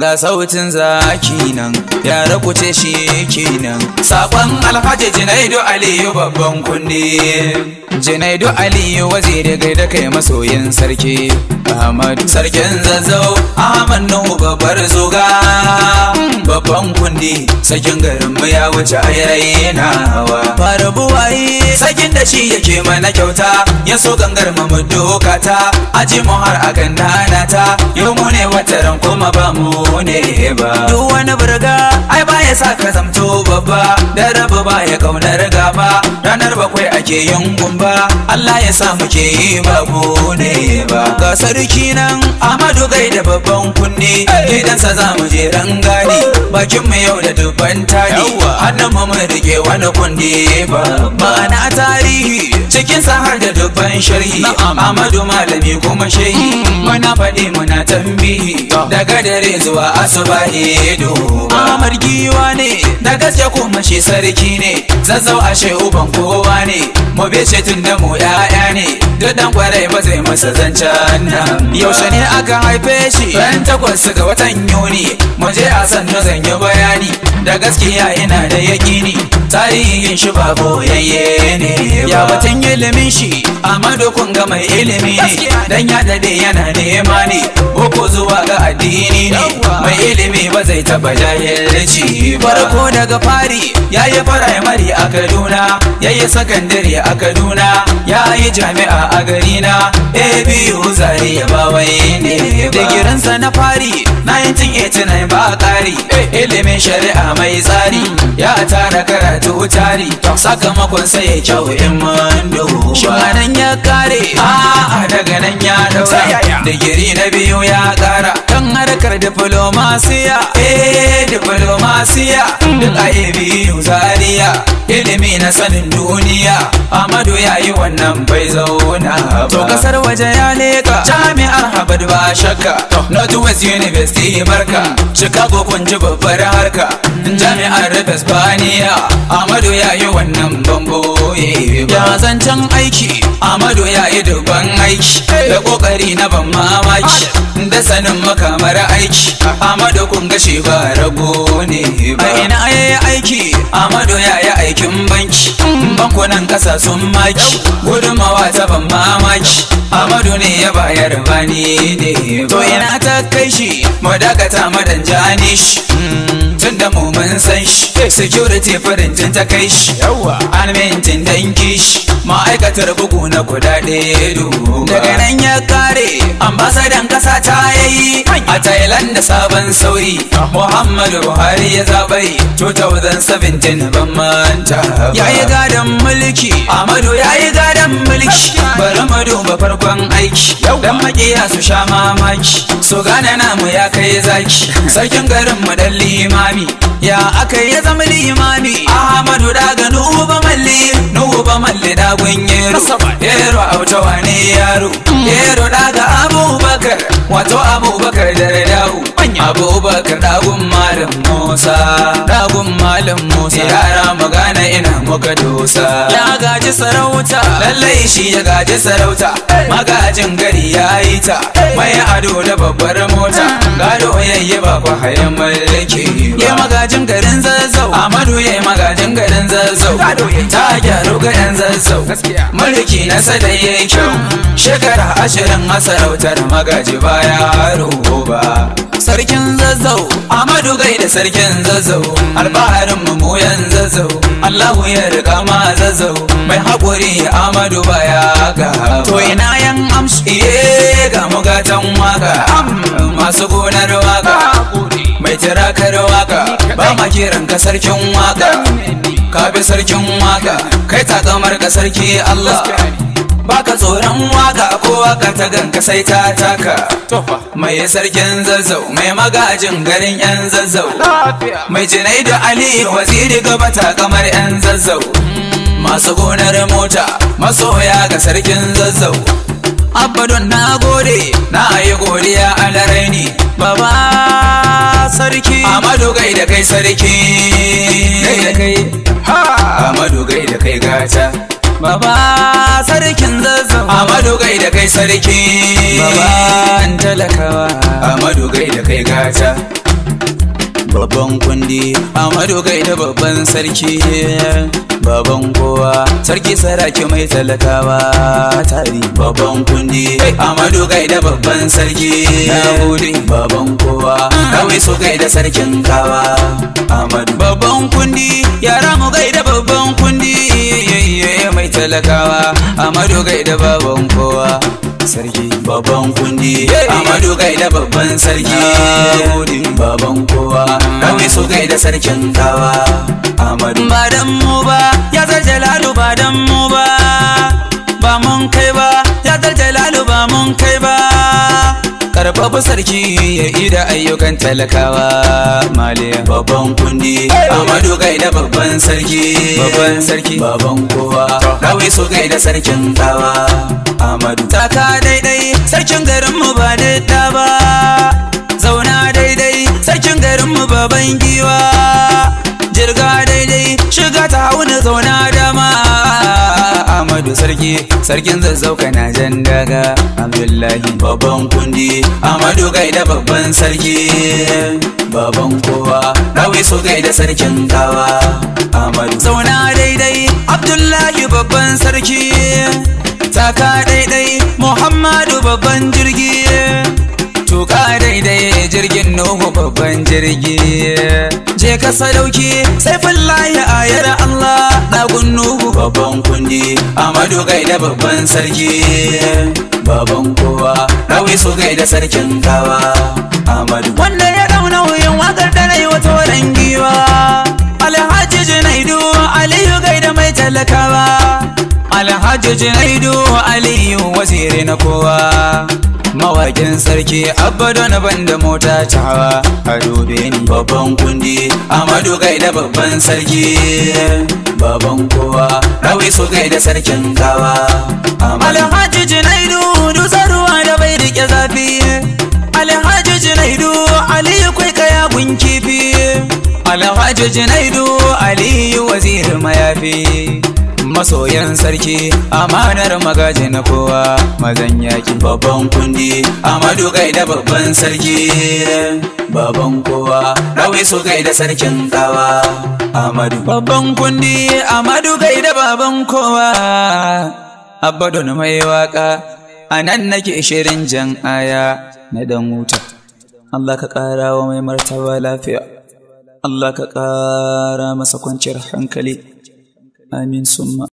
ga sautin zaki nan ya rakuce shi kenan sakon alhaji jinaidu aliyu babban kunne jinaidu aliyu waziri gai da kai masoyin sarki ahmad sarkin zazzau ahmad nuhu babbar zuga babban sakin garin mu ya wuce na hawa fara buwaye sakin da shi yake mana kyauta ya so gangar mu doka ta aji mu har a gandana ta yau mu ne wataran kuma ba mu ne ba duk wani burga ya sa ka zamto babba da rabu ba ya kaunar gaba ranar bakwai ake yin gumba Allah ya sa muke yi ba ne ba ga sarki nan Ahmadu gai da babban kunne gidansa za mu je rangani bakin mu yau da dubban tani hannun mu mun rike wani kunne ba ma'ana tarihi cikin har da dubban sharhi Ahmadu malami kuma shehi mm. muna faɗi muna tambihi daga dare zuwa asuba ne Amar kowa ne da gaske kuma shi sarki ne a ashe ban kowa ne mu ce tun da mu ya'ya ne duk dan kwarai ba zai masa zancen nan yaushe ne aka haife shi ran takwas ga watan yuni mu je a sannu zan yi bayani da gaskiya ina da yakini tarihin shi ba boyayye ne ya batun ilimin shi amma dokun ga mai ilimi ne dan ya dade yana nema ne boko zuwa bai taba jahilci farko daga fari yi firamare a Kaduna yayi sakandare a Kaduna yayi jami'a a garina. na ABU zari ba wai ne ba digiransa na fari 1989 ba ƙari ilimin shari'a mai tsari ya tara karatu tari sakamakon sai ya kyau in mando shanan ya kare a daga nan ya daura digiri na biyu ya kara diplomasiya eh diplomasiya duk a biyu zaria ilimi na sanin duniya amadu ya yi wannan bai zauna to kasar waje ya leka jami'ar harvard ba shakka northwest university barka chicago kun ji babbar harka jami'ar rufus baniya amadu ya yi wannan bamboye ya zancen aiki amadu ya yi dubban aiki da kokari na ban mamaki kun gashi ba rago ne ba a ina ya aiki amado ya yi aikin banki bankunan kasa sun maki gudunmawa ta ban mamaki Amadu ne ya bayar bani ne ba to ina ta kai shi mu dakata madan jani shi hmm, tun mu mun san shi security farintin ta kai shi almintin danki shi. ma'aikatar bugu na kudade daga nan ya kare ambasadan kasa ta yayi a thailand da sabon sauri muhammadu buhari ya zabai 2017 ban manta ya yi gadon mulki amadu ya yi gadon mulki bari mu duba farkon aiki dan makiya su sha mamaki su gane namu ya kai zaki sarkin garin mu dan limami ya aka yi sam limami ahmadu daga nuhu ba malli nuhu ba malli dagun yero yero yaro yero mm. abu muka dosa ya gaji sarauta lallai shi ya gaji sarauta magajin gari ya yi ta mai ado da babbar mota gado yayye ba ku hayan mallake ya magajin garin zazzau amadu ya magajin garin zazzau ta gyaru ga yan zazzau mulki na sadai ya kyau shekara ashirin a sarautar magaji baya ba. sarkin zazzau Amadu gai da sarkin zazzau alfaharin mamoyan zazzau Allahu ya riga ma zazzau mai haƙuri Amadu ba ya ga to ina yan amsu iye eh, ga mugatan waka masu kiran ka sarkin waka ka bi sarkin waka kai kamar ka sarki Allah baka tsoron waka ko waka ta ganka sai ta taka mai sarkin zazzau mai magajin garin yan zazzau mai jinai da ali waziri gaba kamar yan zazzau masu gonar mota masoya ga sarkin zazzau abadon na gode na yi godiya a laraini baba sarki Amadu gai da kai sarki Gai da kai ha Amadu gai da kai gata Baba sarkin zazzau Amadu gai da kai sarki Baba an talakawa Amadu gai da kai gata babban kundi amadu kai da babban sarki babban kowa sarki saraki mai talakawa tari babban kundi amadu kai da babban sarki na gode babban kowa kawai so kai da sarkin kawa amadu babban kundi yara mu kai da babban kundi mai talakawa amadu kai da babban kowa sarki babban kundi amadu gaida babban sarki godin babban kowa kawai so gaida sarkin kawa amadu ba dan mu ba ya zar lalu. ba dan mu ba ba mun kai ba ya zar lalu. ba mun kai ba karfafa sarki ya ida ayyukan talakawa maliya babban kundi amadu gaida babban sarki babban sarki babban kowa kawai so gaida sarkin kawa sarki sarkin zazzauka na jan daga abdullahi babban kundi amadu gaida babban sarki babban kowa rawi so gaida sarkin kawa amadu zauna daidai abdullahi babban sarki taka kai dai jirgin nuhu babban jirgi je ka sadauki sai fallaye ayar Allah dagun nuhu babban kunni amadu gaida babban sarki babban kowa rawi su gaida sarkin kawa amadu wanda ya dauna wuyan wakar da rai wata waran giwa alhaji junaidu aliyu gaida mai talakawa alhaji junaidu aliyu waziri na kowa mawakin sarki abadan ban banda mota ta hawa a dube ni babban kundi amadu gaida babban sarki Babban kowa rawi su gaida sarkin gawa alhaji jinaidu dutsen ruwa da bai rike zafi alhaji jinaidu aliyu kwai kaya gun kifi alhaji jinaidu aliyu wazir mayafi masoyan sarki amanar magaji na kowa mazan yaki babban kundi amadu gaida babban sarki babban kowa rawi su gaida sarkin kawa amadu babban kundi amadu gaida babban kowa abadon mai waka a nan nake shirin jan aya na dan wuta Allah ka ƙara wa mai martaba lafiya Allah ka ƙara masa kwanciyar hankali 阿弥陀佛。